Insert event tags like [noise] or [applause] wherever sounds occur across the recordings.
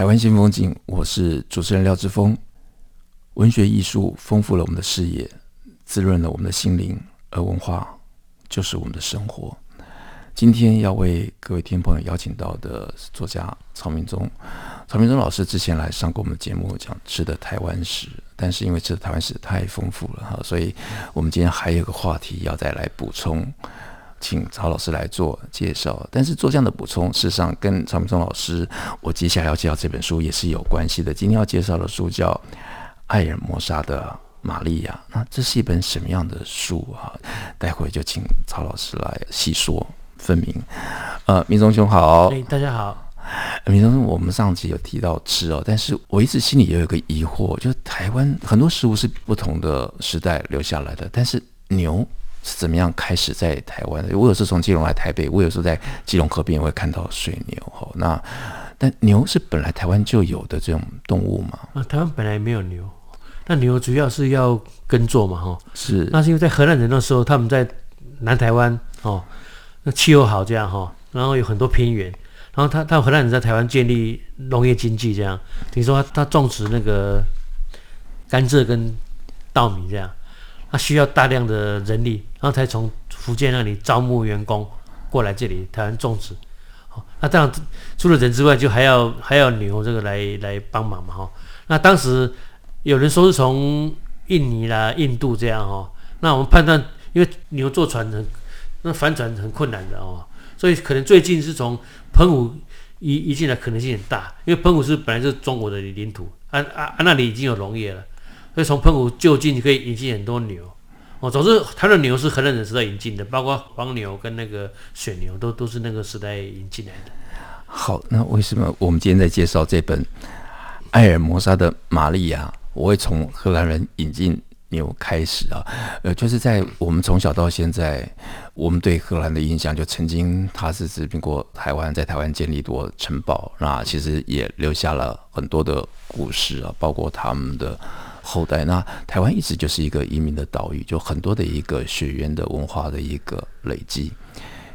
台灣新風景，我是主持人廖志峰。文學藝術豐富了我們的視野，滋潤了我們的心靈，而文化就是我們的生活。今天要為各位聽眾朋友邀請到的作家曹銘宗，曹銘宗老師之前來上過我們的節目，講吃的台灣史，但是因為吃的台灣史太豐富了哈，所以我們今天還有個話題要再來補充。請曹老師來做介紹，但是做這樣的補充，事實上跟曹銘宗老師，我接下來要介紹這本書也是有關係的。今天要介紹的書叫《艾爾摩沙的瑪利亞》，那這是一本什麼樣的書啊？待會就請曹老師來細說分明。呃，銘宗兄好，哎，大家好，銘宗兄，我們上集有提到吃哦，但是我一直心裡也有一個疑惑，就是台灣很多食物是不同的時代留下來的，但是牛。是怎麼樣開始在台灣的？我有時從基隆來台北，我有時候在基隆河邊，也會看到水牛。哈，那但牛是本來台灣就有的這種動物嘛？啊，台灣本來沒有牛，那牛主要是要耕作嘛？哈，是。那是因為在荷蘭人的時候，他們在南台灣，哦，那氣候好這樣哈，然後有很多平原，然後他他荷蘭人在台灣建立農業經濟這樣。比如說他，他種植那個甘蔗跟稻米這樣，他需要大量的人力。然後才從福建那裡招募，員工過來這裡台灣種植，那這樣除了人之外，就還要還要牛這個來來幫忙嘛哈。那當時有人說是從印尼啦、印度這樣哦，那我們判斷，因為牛坐船很，那翻船很困難的哦，所以可能最近是從澎湖移移進來可能性很大，因為澎湖是本來就是中國的領土，啊、啊、啊那裡已經有農業了，所以從澎湖就近可以引進很多牛。哦，總之，他的牛是荷蘭人時代引進的，包括黃牛跟那個水牛，都都是那個時代引進來的。好，那為什麼我們今天在介紹這本《艾爾摩沙的瑪利亞》，我會從荷蘭人引進牛開始啊？呃，就是在我們從小到現在，我們對荷蘭的印象，就曾經他是殖民過台灣，在台灣建立多城堡，那其實也留下了很多的故事啊，包括他們的。後代。那台灣一直就是一個移民的島嶼，就很多的一個血緣的文化的一個累積。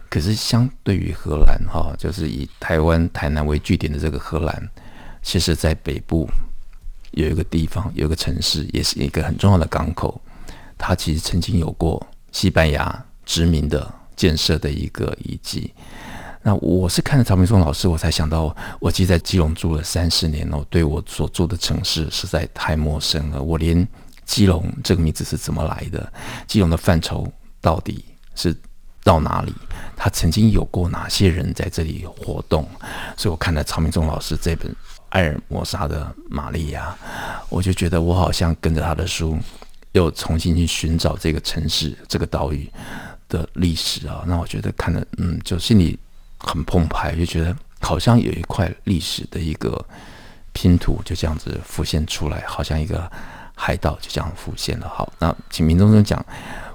可是相對於荷蘭哈，就是以台灣台南為據點的這個荷蘭，其實在北部有一個地方，有一個城市，也是一個很重要的港口，它其實曾經有過西班牙殖民的建設的一個遺跡。那我是看了曹銘宗老師，我才想到我，我其實在基隆住了三十年了，對我所住的城市實在太陌生了。我連基隆這個名字是怎麼來的，基隆的範疇到底是到哪裡？他曾經有過哪些人在這裡活動？所以我看了曹銘宗老師這本《艾爾摩沙的瑪利亞》，我就覺得我好像跟着他的書，又重新去尋找這個城市、這個島嶼的歷史啊。那我覺得看了，嗯，就心裡。很澎湃，就覺得好像有一塊歷史的一個拼圖就這樣子浮現出來，好像一個海盜就這樣浮現了。好，那請銘宗總講，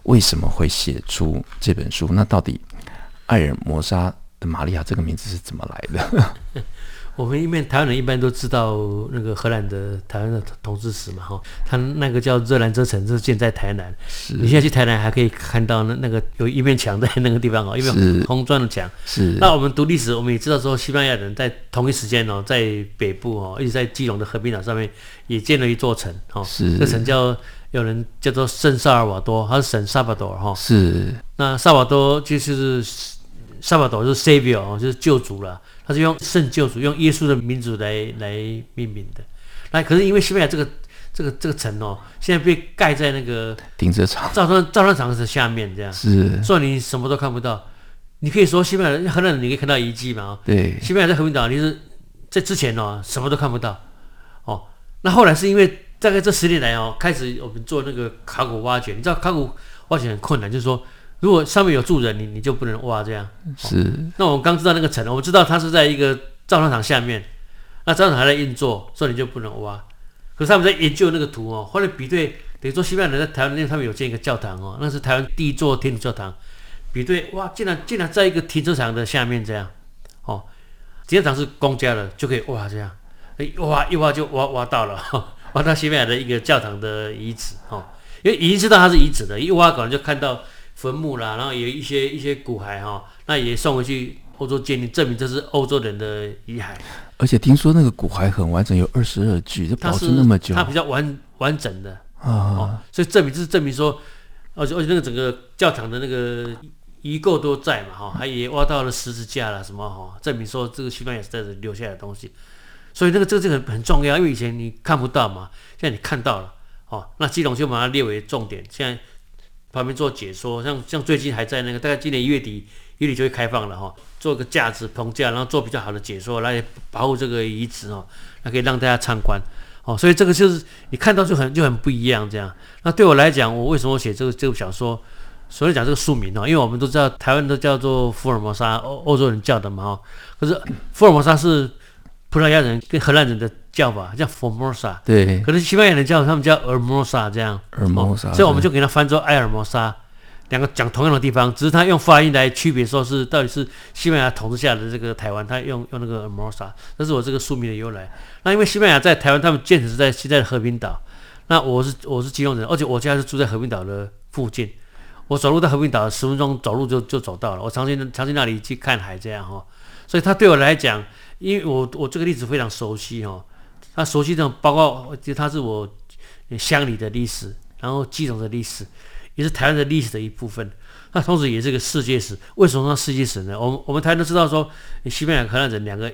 為什麼會寫出這本書？那到底《艾爾摩沙的瑪利亞》這個名字是怎麼來的？ [laughs] 我們因為，台灣人一般都知道那個荷蘭的台灣的統治史嘛，哈，他那個叫熱蘭遮城，就是建在台南。你現在去台南還可以看到那那個有一面牆在那個地方哦，一面紅磚的牆。是，那我們讀歷史，我們也知道說西班牙人在同一時間哦，在北部哦，一直在基隆的和平島上面也建了一座城，哈，這城叫有人叫做聖薩爾瓦多，它是聖薩瓦多，哈，是。那薩瓦多就是薩瓦多是 savior，就是救主了。它是用聖救主、用耶穌的民族來來命名的。那可是因為西班牙這個這個這個城哦，現在被蓋在那個停車場，造船造船廠是下面這樣，是，所以你什麼都看不到。你可以說西班牙、荷蘭，你可以看到遺跡嘛？對，西班牙在和平島，你是在之前哦什麼都看不到哦。那後來是因為大概這十年來哦，開始我們做那個考古挖掘，你知道考古挖掘很困難，就是說。如果上面有住人，你你就不能挖這樣。是、哦。那我們剛知道那個城，我們知道它是在一個造船廠下面，那造船廠還在運作，所以你就不能挖。可是他們在研究那個圖哦，後來比對，等於說西班牙人在台灣那邊他們有建一個教堂哦，那是台灣第一座天主教堂。比對，哇，竟然竟然在一個停車場的下面這樣，哦，停車場是公家的，就可以挖這樣，哎，挖一挖就挖挖到了，哦、挖到西班牙的一個教堂的遺址哦，因為已經知道它是遺址了。一挖可能就看到。墳墓啦，然後也有一些一些骨骸哈、哦，那也送回去歐洲鑑定，證明這是歐洲人的遺骸。而且聽說那個骨骸很完整，有二十二具，都保存那麼久它，它比較完完整的啊、哦，所以證明就是證明說，而且而且那個整個教堂的那個遺構都在嘛哈，還也挖到了十字架了什麼哈，證明說這個西班牙是在這留下來的東西。所以、那個、這個這個這個很重要，因為以前你看不到嘛，現在你看到了好、哦，那基隆就把它列為重點，現在。旁邊做解說，像像最近還在那個，大概今年一月底月底就會開放了哈，做個架子棚架，然後做比較好的解說來保護這個遺址哈，還可以讓大家參觀，哦，所以這個就是你看到就很就很不一樣這樣。那對我來講，我為什麼寫這個這部、個、小說？所以講這個書名，因為我們都知道台灣都叫做福爾摩沙，歐歐洲人叫的嘛哈。可是福爾摩沙是葡萄牙人跟荷蘭人的。叫吧，叫 Formosa，對，可能西班牙人叫他們叫 El、erm、Morosa 這樣 e o r o s a、哦、嗎所以我們就給它翻作埃爾摩沙，兩個講同樣的地方，只是它用發音來區別，說是到底是西班牙統治下的這個台灣，它用用那個 f、erm、o r o s a 這是我這個書名的由來。那因為西班牙在台灣，他們建址在現在的和平島，那我是我是金龍人，而且我家是住在和平島的附近，我走路到和平島十分鐘走路就就走到了，我常去常去那裡去看海這樣哦。所以他對我來講，因為我我這個例子非常熟悉哦。他熟悉這種包括就他是我鄉里的歷史，然後基隆的歷史，也是台灣的歷史的一部分。那同時也是個世界史。為什麼說世界史呢？我們我們台灣都知道說，說西班牙和荷蘭人兩個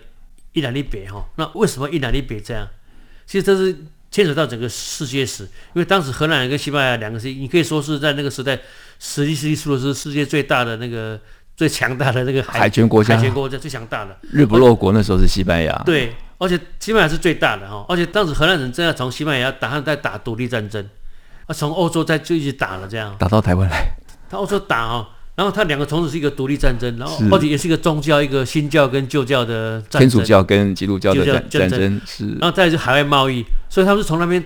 一南一北哈。那為什麼一南一北這樣？其實這是牽扯到整個世界史，因為當時荷蘭人跟西班牙兩個是，你可以說是在那個時代實際實際輸的是世界最大的那個最強大的那個海權國家，海權國家最強大的日不落國後那時候是西班牙。對。而且西班牙是最大的哈，而且當時荷蘭人正在從西班牙打，算在打獨立戰爭，從歐洲在就一直打了這樣，打到台灣來，他歐洲打哦，然後他兩個同時是一個獨立戰爭，然後而且也是一個宗教，是一個新教跟舊教的天主教跟基督教的戰爭，然後再是海外貿易，所以他們是從那邊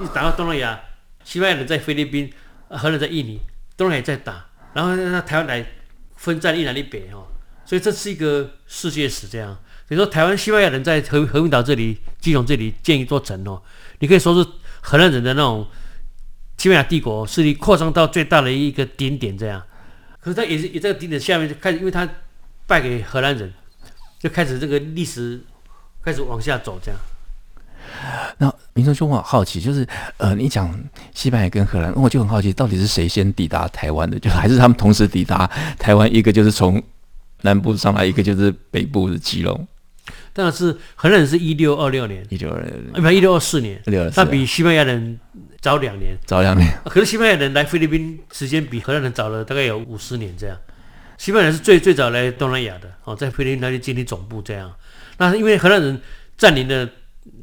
一直打到東南亞，西班牙人在菲律賓，荷蘭在印尼，東南亞也在打，然後在台灣來分占一南一北哈，所以這是一個世界史這樣。比如說，台灣西班牙人在和和平島，這裡基隆這裡建一座城哦，你可以說是荷蘭人的那種西班牙帝國勢力擴張到最大的一個頂點，點這樣。可是，他也是也在頂點，點下面就開始，因為他敗給荷蘭人，就開始這個歷史開始往下走這樣。那銘宗兄，我好奇就是，呃，你講西班牙跟荷蘭，我就很好奇，到底是誰先抵達台灣的？就還是他們同時抵達台灣？一個就是從南部上來，一個就是北部的基隆。但是荷蘭人是一六二六年，一九二六年，不、啊，一六二四年，六二四，那比西班牙人早兩年，早兩年、啊。可是西班牙人來菲律賓時間比荷蘭人早了大概有五十年這樣。西班牙人是最最早來東南亞的，哦，在菲律賓他就建立總部這樣。那是因為荷蘭人占領了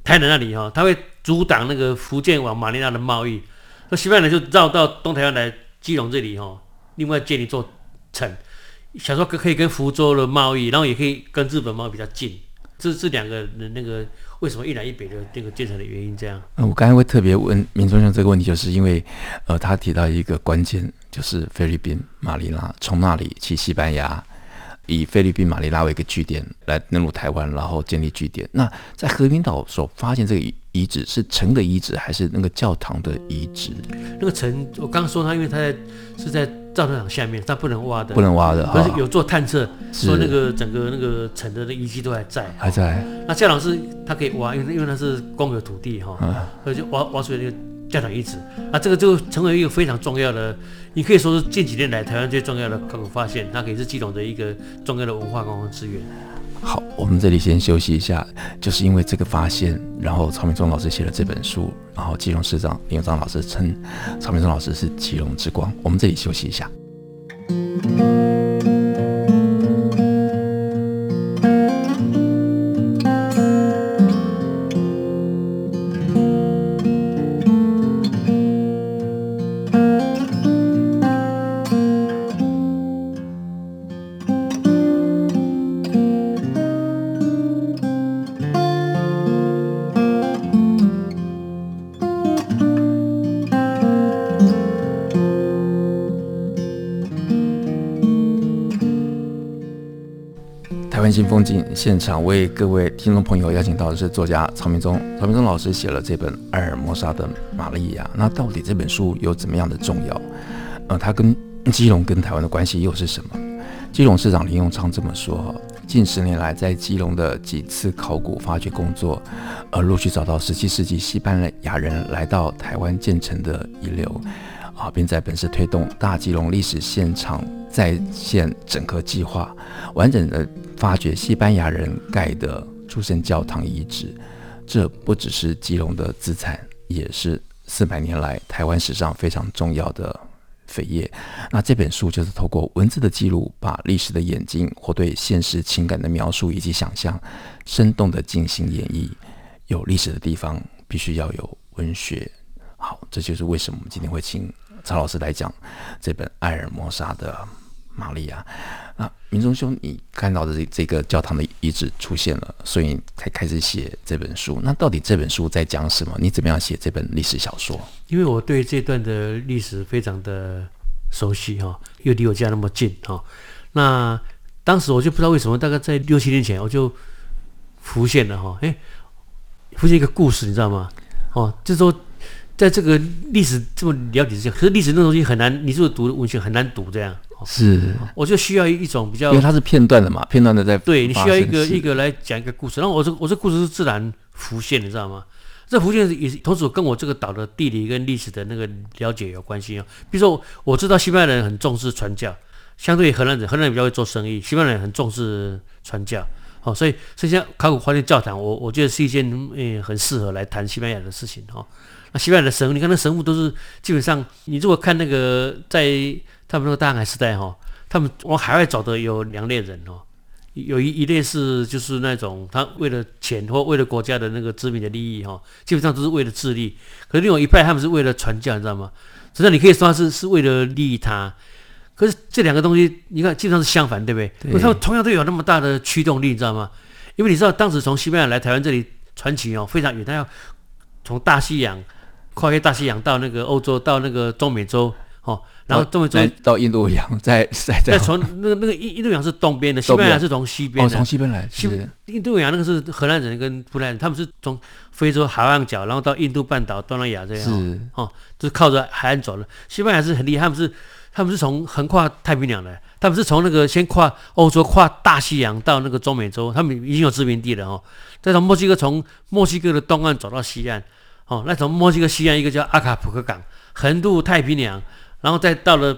台南那裡哈、哦，他會阻擋那個福建往馬尼拉的貿易，那、啊、西班牙人就繞到東台灣來基隆這裡哈、哦，另外建一座城，想說可以跟福州的貿易，然後也可以跟日本貿易比較近。這這兩個那個為什麼一南一北的這個建成的原因這樣？嗯，我剛才會特別問銘宗兄這個問題，就是因為，呃，他提到一個關鍵，就是菲律賓馬尼拉從那裡去西班牙，以菲律賓馬尼拉為一個據點來登陸台灣，然後建立據點。那在和平島所發現這個遺址是城的遺址還是那個教堂的遺址？那個城，我剛說他，因為他在是在。造船廠下面，他不能挖的，不能挖的，但有做探測，哦、說那個整個那個城的遺跡都還在，還在是。那、哦啊啊、教堂是它可以挖，因為因為它是公有土地哈，所、哦、以、嗯、就挖挖出來教堂遺址。啊，這個就成為一個非常重要的，你可以說是近幾年來台灣最重要的考古發現。它可以是基隆的一個重要的文化公共資源。好，我們這裡先休息一下，就是因為這個發現，然後曹銘宗老師寫了這本書，然後基隆市長林右昌老師稱曹銘宗老師是基隆之光。我們這裡休息一下。關心風景現場為各位聽眾朋友邀請到的是作家曹銘宗，曹銘宗老師寫了這本《艾爾摩沙的瑪利亞》，那到底這本書有怎麼樣的重要？呃，他跟基隆跟台灣的關係又是什麼？基隆市長林右昌這麼說，近十年來在基隆的幾次考古發掘工作，呃，陸續找到十七世紀西班牙人來到台灣建城的遺留，啊，並在本市推動大基隆歷史現場。再現整個計劃，完整的發掘西班牙人蓋的諸聖教堂遺址，這不只是基隆的資產，也是四百年來台灣史上非常重要的扉頁。那這本書就是透過文字的記錄，把歷史的眼睛或對現實情感的描述以及想象，生動的進行演繹。有歷史的地方必須要有文學。好，這就是為什麼我們今天會請曹老師來講這本《艾爾摩沙》的瑪利亞，那銘宗兄，你看到的這這個教堂的遺址出現了，所以才開始寫這本書。那到底這本書在講什麼？你怎麼樣寫這本歷史小說？因為我對這段的歷史非常的熟悉哈，又離我家那麼近哈。那當時我就不知道為什麼，大概在六七年前，我就浮現了哈，誒、欸，浮現一個故事，你知道嗎？哦，這時候在這個歷史這麼了解之下，可是歷史那東西很難，你是不是讀文學很難讀這樣。是，我就需要一種比較，因為它是片段的嘛，片段的在對你需要一個是一個來講一個故事。然後我這我這故事是自然浮現，你知道嗎？這浮現也是同時跟我這個島的地理跟歷史的那個了解有關係啊。比如說，我知道西班牙人很重視傳教，相對於荷蘭人，荷蘭人比較會做生意，西班牙人很重視傳教。哦，所以所以像考古發現教堂，我我覺得是一件嗯很適合來談西班牙的事情哈、哦。那西班牙的神，你看那神父都是基本上，你如果看那個在他們那個大海時代哈，他們往海外走的有兩類人哦，有一一類是就是那種他為了錢或為了國家的那個殖民的利益哈、哦，基本上都是為了自利。可是另外一派他們是為了傳教，你知道嗎？實際上你可以說他是是為了利他。可是這兩個東西，你看基本上是相反，對不對？對，因為他們同樣都有那麼大的驅動力，你知道嗎？因為你知道，當時從西班牙來台灣這裡，船程哦非常遠，他要從大西洋跨越大西洋到那個歐洲，到那個中美洲哦，然後中美洲再到印度洋，再再再。從那個那個印度洋是東邊的，西班牙是從西邊、哦、從西邊來。西印度洋那個是荷蘭人跟荷蘭人，他們是從非洲海岸角，然後到印度半島、東南亞這樣，是哦，就是靠着海岸走的。西班牙是很厲害，他們是。他們是從橫跨太平洋的，他們是從那個先跨歐洲、跨大西洋到那個中美洲，他們已經有殖民地了哦，再從墨西哥，從墨西哥的東岸走到西岸，哦，那從墨西哥西岸一個叫阿卡普科港橫渡太平洋，然後再到了，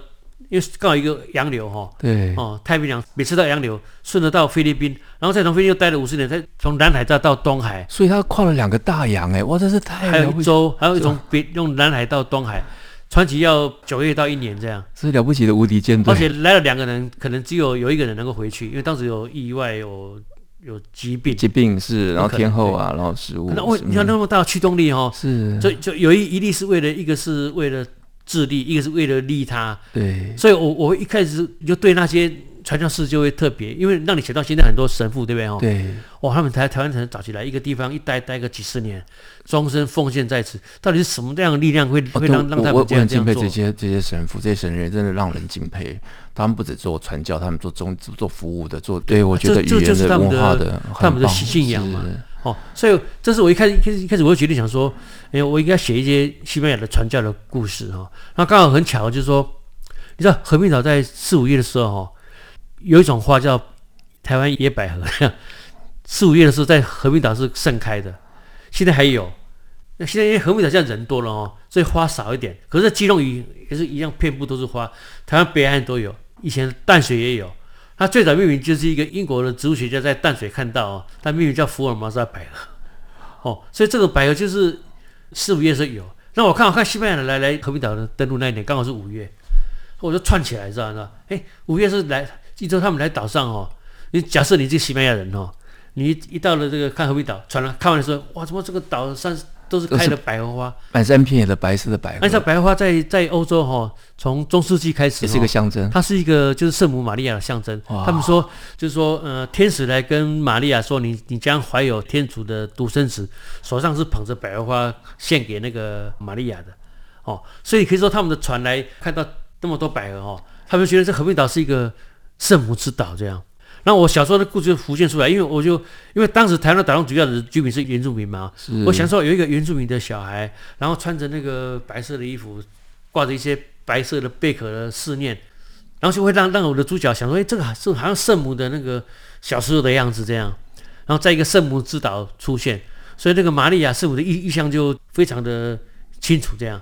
又是靠一個洋流哈。對，哦，對太平洋每次到洋流，順着到菲律賓，然後再從菲律賓待了五十年，再從南海到到東海。所以他跨了兩個大洋哎、欸，哇，這是太……還有洲，還有一種別、啊、用南海到東海。傳奇要九月到一年這樣，是了不起的無敵艦隊。而且來了兩個人，可能只有有一個人能夠回去，因為當時有意外，有有疾病。疾病是，然後天候啊，然後食物。那為，你看那麼大驅動力哦，是，所以就，就有一一例是為了，一個是為了自利，一個是為了利他。對。所以我我一開始就對那些。傳教士就會特別，因為讓你想到現在很多神父，對不對？哈，對，哇，他們才台灣城找起來，一個地方一待待一個幾十年，終身奉獻在此，到底是什麼樣的力量會、啊、會讓、啊、讓他們這樣這樣做？我我很敬佩這些這,這些神父、這些神人，真的讓人敬佩。他們不止做傳教，他們做中做服務的，做對，對啊、我覺得、啊、這,這就是文化的、的他們的信仰嘛。的哦，所以這是我一開始開始一開始我就決定想說，哎、欸，我應該寫一些西班牙的傳教的故事哈。那、哦、剛好很巧，就是說，你知道，和平島在四五月的時候哈。哦有一種花叫台灣野百合，四五月的時候在和平島是盛開的，現在還有。那現在因為和平島現在人多了哦，所以花少一點。可是基隆嶼也是一樣，遍佈都是花，台灣北岸都有，以前淡水也有。它最早命名就是一個英國的植物學家在淡水看到哦，他命名叫福爾摩沙百合。哦，所以這個百合就是四五月是有。那我看我看西班牙的來來和平島的登陸那一年剛好是五月，我就串起來知道你知道。誒、欸，五月是來。記得他們來島上哦，你假設你是西班牙人哦，你一,一到了這個看和平島船了，啊，看完的時候，哇，怎麼這個島上都是開的百合花，是滿山遍野的白色的百合。那這、啊、百合花在在歐洲哈、哦，從中世紀開始、哦、也是一個象徵，它是一個就是聖母瑪利亞的象徵。嗯、他們說就是說呃，天使來跟瑪利亞說你你將懷有天主的獨生子，手上是捧着百合花獻給那個瑪利亞的，哦，所以可以說他們的船來看到那麼多百合哦，他們覺得這和平島是一個。聖母之島，這樣，然後我小時候的故事浮現出來，因為我就因為當時台灣島上主要的居民是原住民嘛，是我小時候有一個原住民的小孩，然後穿着那個白色的衣服，掛着一些白色的貝殼的飾念，然後就會讓讓我的主角想說，哎，這個是好像聖母的那個小時候的樣子這樣，然後在一個聖母之島出現，所以那個瑪利亞聖母的意意象就非常的清楚這樣，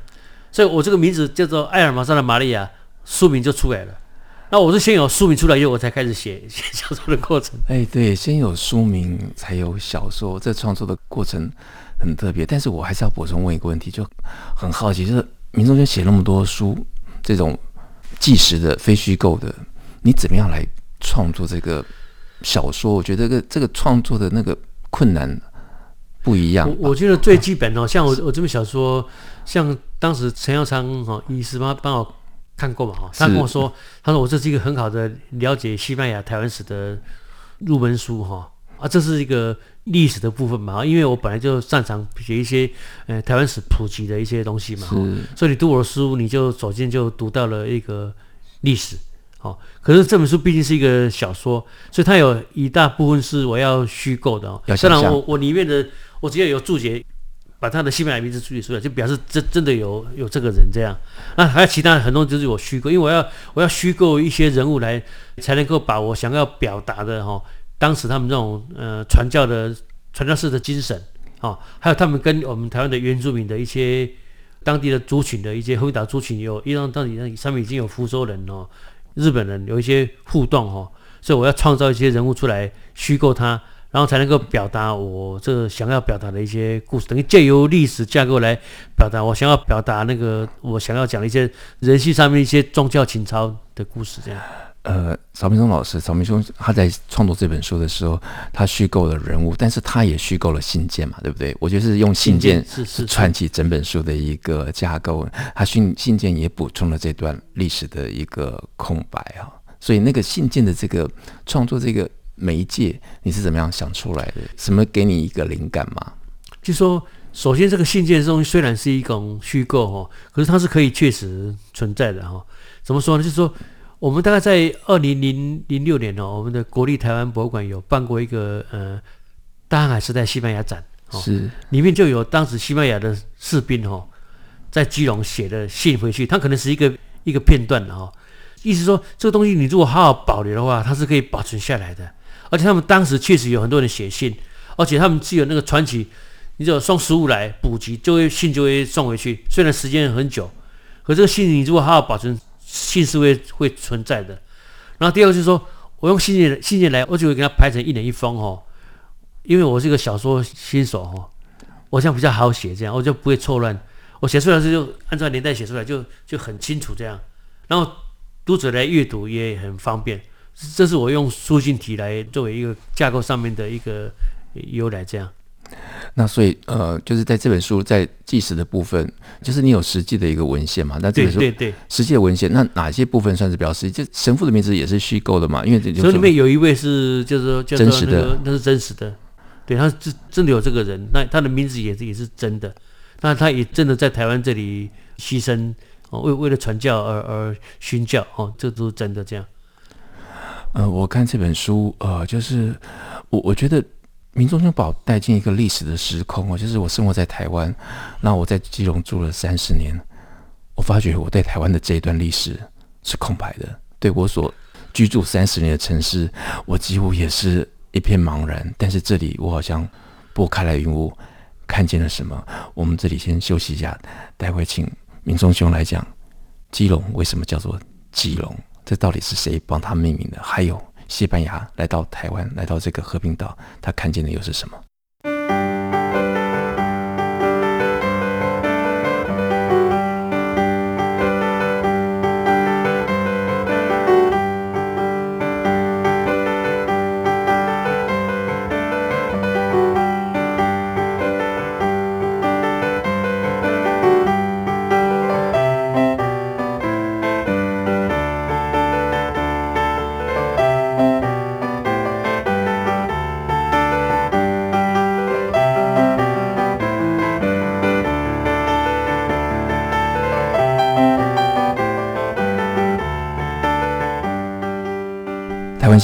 所以我這個名字叫做艾爾摩沙的瑪利亞書名就出來了。那我是先有書名出來，以後我才開始寫寫小說的過程。哎，對，先有書名才有小說，這創作的過程很特別。但是我還是要補充問一個問題，就很好奇，就是銘宗兄寫那麼多書，這種紀實的、非虛構的，你怎麼樣來創作這個小說？我覺得這個這個創作的那個困難不一樣。我,我覺得最基本的、啊、像我我這本小說，像當時陳耀昌哈醫師幫我。看過嘛？哈，他跟我說，是他說，我這是一個很好的了解西班牙台灣史的入門書，哈啊，這是一個歷史的部分嘛？啊，因為我本來就擅長寫一些呃台灣史普及的一些東西嘛，是所以你讀我的書，你就首先就讀到了一個歷史，好，可是這本書畢竟是一個小說，所以它有一大部分是我要虛構的。當然，我我我裡面的我只要有注解。把他的西班牙名字處理出來，就表示真真的有有這個人這樣。那還有其他很多就是我虛構，因為我要我要虛構一些人物來，才能夠把我想要表達的哈、哦，當時他們這種呃傳教的傳教士的精神，啊、哦，還有他們跟我們台灣的原住民的一些當地的族群的一些回答族群有，有一張當地上面已經有福州人哦，日本人有一些互動哦，所以我要創造一些人物出來虛構他。然後才能夠表達我這想要表達的一些故事，等於借由歷史架構來表達我想要表達那個我想要講的一些人性上面一些宗教情操的故事。這樣，呃，曹銘宗老師，曹銘宗他在創作這本書的時候，他虛構了人物，但是他也虛構了信件嘛，對不對？我就是用信件，信件是是串起整本書的一個架構，他信信件也補充了這段歷史的一個空白啊。所以那個信件的這個創作這個。媒介你是怎麼樣想出來的？什麼給你一個靈感嗎？就是說，首先這個信件的東西雖然是一種虛構哈、哦，可是它是可以確實存在的哈、哦。怎麼說呢？就是說，我們大概在二零零零六年呢、哦，我們的國立台灣博物館有辦過一個呃《大航海時代西班牙展》，是裡面就有當時西班牙的士兵哈、哦、在基隆寫的信回去，它可能是一個一個片段哈、哦。意思說，這個東西你如果好好保留的話，它是可以保存下來的。而且他們當時確實有很多人寫信，而且他們既有那個傳奇，你只要送食物來補給，就會信就會送回去。雖然時間很久，可這個信你如果好好保存，信是會會存在的。然後第二個就是說，我用信件信件來，我就會給他排成一人一封哦，因為我是一個小說新手哦，我這樣比較好寫，這樣我就不會錯亂。我寫出來是就按照年代寫出來就，就就很清楚這樣，然後讀者來閱讀也很方便。這是我用書信體來作為一個架構上面的一個由來，這樣。那所以呃，就是在這本書在紀實的部分，就是你有實際的一個文獻嘛？那這本書對對對，實際的文獻，那哪些部分算是比較實際？就神父的名字也是虛構的嘛？因為這所以裡面有一位是就是說叫、那個、真實的，那是真實的。對，他真真的有這個人，那他的名字也是也是真的。那他也真的在台灣這裡犧牲，為為了傳教而而殉教，哦，這都是真的這樣。呃，我看這本書，呃，就是我我覺得，銘宗兄把我帶進一個歷史的時空哦，就是我生活在台灣，那我在基隆住了三十年，我發覺我對台灣的這一段歷史是空白的，對我所居住三十年的城市，我幾乎也是一片茫然。但是這裡我好像撥開了雲霧，看見了什麼。我們這裡先休息一下，待會請銘宗兄來講基隆為什麼叫做基隆。這到底是誰幫他命名的？還有，西班牙來到台灣，來到這個和平島，他看見的又是什麼？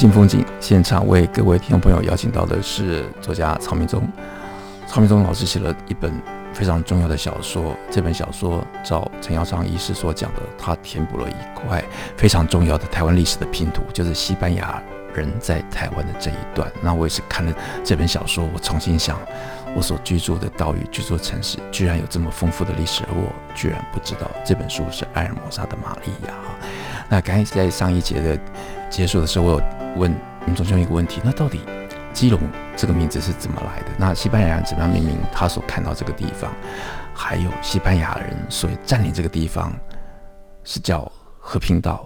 新風景現場為各位聽眾朋友邀請到的是作家曹銘宗，曹銘宗老師寫了一本非常重要的小說，這本小說照陳耀昌醫師所講的，他填補了一塊非常重要的台灣歷史的拼圖，就是西班牙人在台灣的這一段。那我也是看了這本小說，我重新想，我所居住的島嶼、這座城市居然有這麼豐富的歷史，而我居然不知道這本書是艾爾摩沙的《瑪利亞》啊。那剛才在上一節的結束的時候，我有問我們銘宗一個問題：那到底基隆這個名字是怎麼來的？那西班牙人怎麼樣命名他所看到這個地方？還有西班牙人所以占領這個地方是叫和平島。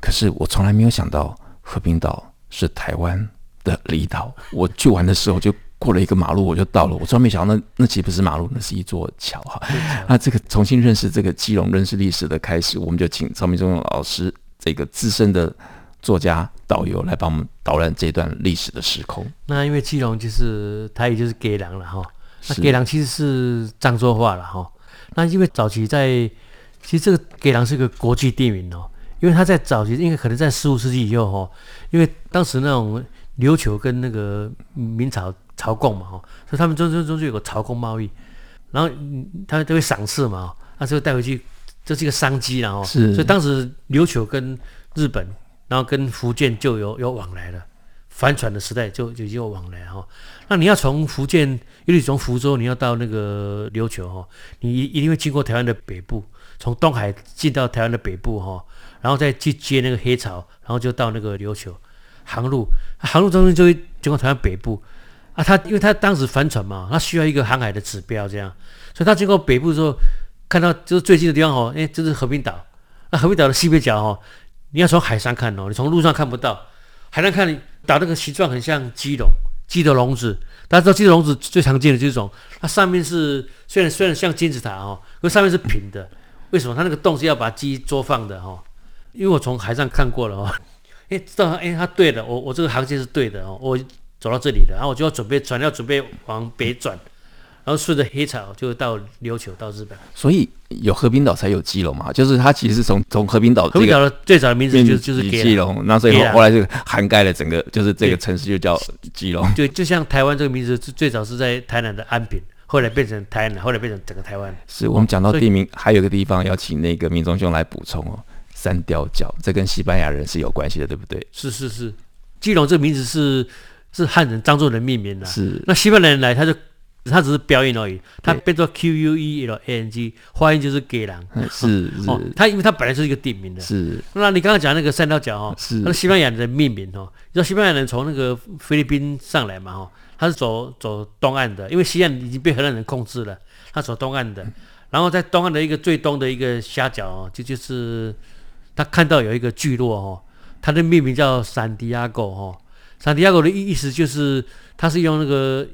可是我從來沒有想到和平島是台灣的離島。我去玩的時候就過了一個馬路我就到了。我專門沒想到那，那那豈不是馬路？那是一座橋哈。對那這個重新認識這個基隆，認識歷史的開始，我們就請曹銘宗老師這個資深的。作家導遊來幫我們導覽這段歷史的時空。那因為基隆，就是他，也就是雞籠了哈。那雞籠其實是漳州話了哈。那因為早期在其實這個雞籠是一個國際地名哦，因為他在早期應該可能在十五世紀以後哈，因為當時那種琉球跟那個明朝朝貢嘛哈，所以他們中中中就有個朝貢貿易，然後他們都會賞賜嘛，他、啊、就帶回去，這、就是一個商機然後是，所以當時琉球跟日本。然後跟福建就有有往來了，帆船的時代就就有往來哈、哦。那你要從福建，尤其從福州，你要到那個琉球哈、哦，你一定會經過台灣的北部，從東海進到台灣的北部哈、哦，然後再去接那個黑潮，然後就到那個琉球航路，航路中間就會經過台灣北部。啊他，他因為他當時帆船嘛，他需要一個航海的指標這樣，所以他經過北部的時候，看到就是最近的地方吼、哦，誒，就是和平島。那和平島的西北角吼、哦。你要從海上看哦，你從路上看不到。海上看，打那個形狀很像雞籠，雞的籠子。大家知道雞的籠子最常見的就是這種，它上面是雖然雖然像金字塔哈、哦，可上面是平的。為什麼？它那個洞是要把雞捉放的哈、哦。因為我從海上看過了哦，誒、欸，知道誒、欸，它對的，我我這個航線是對的哦。我走到這裡了，然後我就要準備轉，要準備往北轉。然後順着黑潮就到琉球，到日本。所以有和平島才有基隆嘛，就是它其實從從和平島，和平島的最早的名字就是就是基隆，那隆所以後來就涵蓋了整個，就是這個城市就叫基隆。對，隆對，就，就像台灣這個名字是最早是在台南的安平，後來變成台南，後來變成整個台灣。是我們講到地名，嗯、還有個地方要請那個銘宗兄來補充哦。三貂角，這跟西班牙人是有關係的，對不對？是是是，基隆這個名字是是漢人漳州人命名的、啊。是，那西班牙人來他就。它只是表演而已，它變作 Q U E L A N G，發音就是“給狼”。是、 [laughs] 哦、它因為它本來就是一個地名的。是。那你剛剛講那個三貂角哈，是，那西班牙人的命名哦。你說西班牙人從那個菲律賓上來嘛哈、哦，他是走走東岸的，因為西岸已經被荷蘭人控制了，他走東岸的。然後在東岸的一個最東的一個岬角、哦，就就是他看到有一個聚落哈、哦，它的命名叫、哦 “Santiago。哈。Santiago 的意意思就是，他是用那個。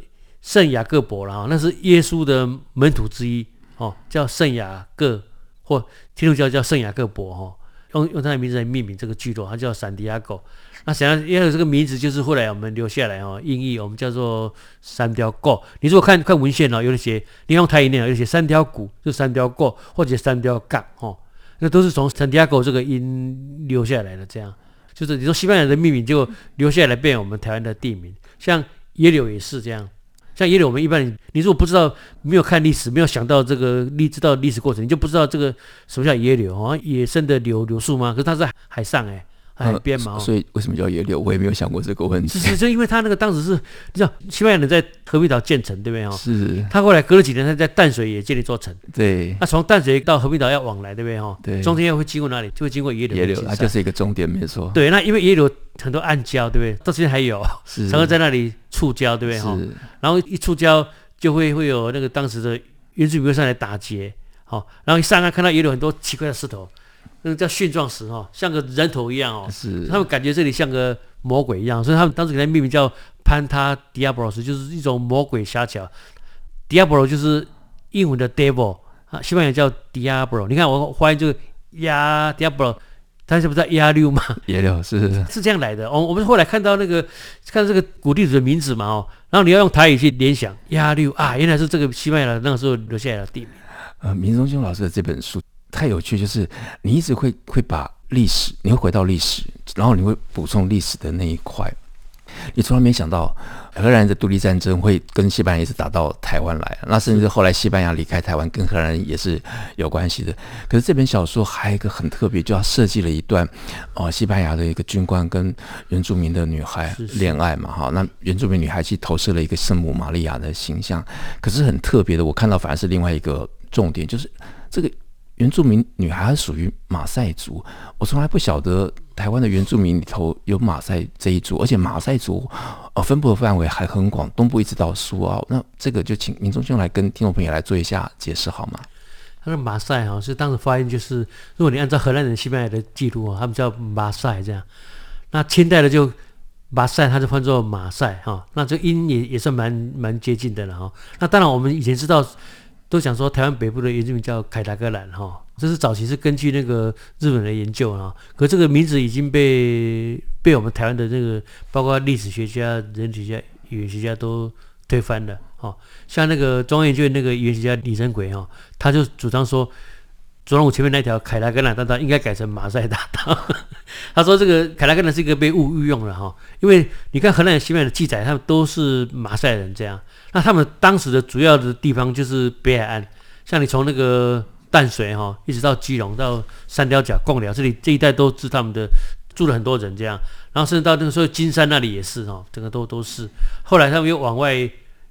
聖雅各伯，啦，那是耶穌的門徒之一，哦，叫聖雅各或基督教叫聖雅各伯，哈，用用他的名字來命名這個聚落，他叫 i 迪亞 o 那想要要這個名字，就是後來我們留下來，哦，音譯我們叫做三雕哥。你如果看看文獻哦，有的寫你用台語念，有寫三條鼓，就三條過，或者三條槓，哈，那都是從 i 迪亞 o 這個音留下來的。這樣就是你說西班牙人的命名，就留下來變我們台灣的地名，像耶魯也是這樣。像野柳，我們一般你，你如果不知道，沒有看歷史，沒有想到這個，你知道歷史過程，你就不知道這個什麼叫野柳啊、哦，野生的柳柳樹嗎？可是它在海上誒、哎。海邊嗎？所以為什麼叫野柳？我也沒有想過這個問題。是是，就因為他那個當時是，你知道西班牙人在和平島建城，對不對哦，是。他後來隔了幾年，他在淡水也建立一座城。對。那從、啊、淡水到和平島要往來，對不對哦，對。中間要會經過哪裡？就會經過柳野柳。野、啊、柳，那就是一個終點，沒錯。對。那因為野柳很多暗礁，對不對？到現在還有，常是常在那裡觸礁，對不對哈？是然後一觸礁，就會會有那個當時的原住民上來打劫，好。然後一上岸看到野柳很多奇怪的石頭。那個叫蕈狀石哦，像個人頭一樣哦，是他們感覺這裡像個魔鬼一樣，所以他們當時給它命名叫潘塔迪亞布羅石，就是一種魔鬼岬角。迪亞布羅就是英文的 devil，啊，西班牙叫迪亞布羅。你看我發音這個亞迪亞布羅，ablo，它是不是野柳嗎？野柳是是是是這樣來的，我我們後來看到那個看到這個古地圖的名字嘛哦，然後你要用台語去聯想野柳啊，原來是這個西班牙那個時候留下來的地名。呃，銘宗兄老師的這本書。太有趣，就是你一直會會把歷史，你會回到歷史，然後你會補充歷史的那一塊。你從來沒想到荷蘭的獨立戰爭會跟西班牙一直打到台灣來，那甚至後來西班牙離開台灣跟荷蘭人也是有關係的。可是這本小說還有一個很特別，就他設計了一段哦、呃，西班牙的一個軍官跟原住民的女孩戀愛嘛，哈是，那原住民女孩去投射了一個聖母瑪利亞的形象。可是很特別的，我看到反而是另外一個重點，就是這個。原住民女孩屬於馬賽族，我從來不曉得台灣的原住民裡頭有馬賽這一族，而且馬賽族呃分布的範圍還很廣，東部一直到蘇澳。那這個就請銘宗兄來跟聽眾朋友來做一下解釋好嗎？他說馬賽哈是當時發音就是，如果你按照荷蘭人、西班牙的記錄，他們叫馬賽這樣。那清代的就馬賽，他就換作馬賽哈，那這個音也也算蠻蠻接近的了哈。那當然我們以前知道。都想說台灣北部的原住民叫凱達格蘭哈，這是早期是根據那個日本人的研究啊。可這個名字已經被被我們台灣的那個包括歷史學家、人類學家、語言學家都推翻了哈。像那個中央研究院那個語言學家李壬癸，哈，他就主張說，總統府前面那條凱達格蘭大道應該改成馬賽大道。 [laughs] 他說這個凱達格蘭是一個被誤用了哈、哦，因為你看荷蘭西面的記載，他們都是馬賽人這樣。那他們當時的主要的地方就是北海岸，像你從那個淡水哈、哦、一直到基隆到三貂角、貢寮這裡這一帶，都是他們的住了很多人這樣。然後甚至到那個時候金山那裡也是哈、哦，整個都都是。後來他們又往外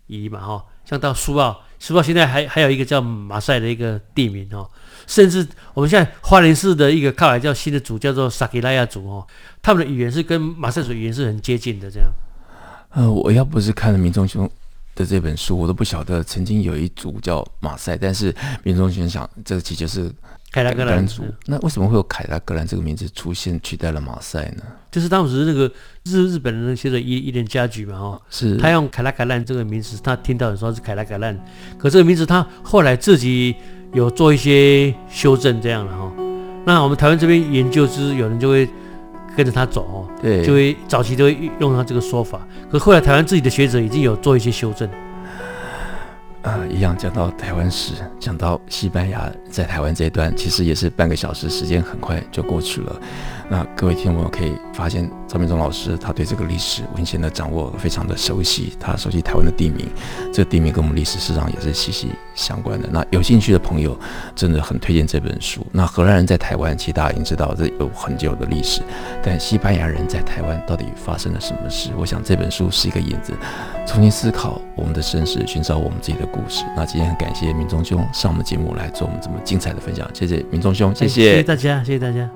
移嘛哈、哦，像到蘇澳，蘇澳現在還還有一個叫馬賽的一個地名哈、哦。甚至我們現在花蓮市的一個靠海叫新的組叫做撒奇萊雅族哦，他們的語言是跟馬賽族語言是很接近的。這樣，呃，我要不是看了銘宗兄的這本書，我都不曉得曾經有一族叫馬賽。但是銘宗兄想，這個其實就是凱達格蘭族。那為什麼會有凱達格蘭這個名字出現，取代了馬賽呢？就是當時那個日日本人那些的伊能嘉矩嘛哈、哦，是他用凱達格蘭這個名字，他聽到說是凱達格蘭，可這個名字他後來自己。有做一些修正這樣的哈、哦，那我們台灣這邊研究是有人就會跟着他走哦，對，就會早期都會用他這個說法，可是後來台灣自己的學者已經有做一些修正。啊，一樣講到台灣史，講到西班牙。在台灣這一段其實也是半個小時，時間很快就過去了。那各位聽友可以發現，曹銘宗老師他對這個歷史文獻的掌握非常的熟悉，他熟悉台灣的地名，這個地名跟我們歷史史上也是息息相關的。那有興趣的朋友真的很推薦這本書。那荷蘭人在台灣，其實大家已經知道這有很久的歷史，但西班牙人在台灣到底發生了什麼事？我想這本書是一個引子，重新思考我們的身世，尋找我們自己的故事。那今天很感謝銘宗兄上我們節目來做我們這麼。精彩的分享，謝謝銘宗兄，謝謝，哎，謝謝大家，謝謝大家。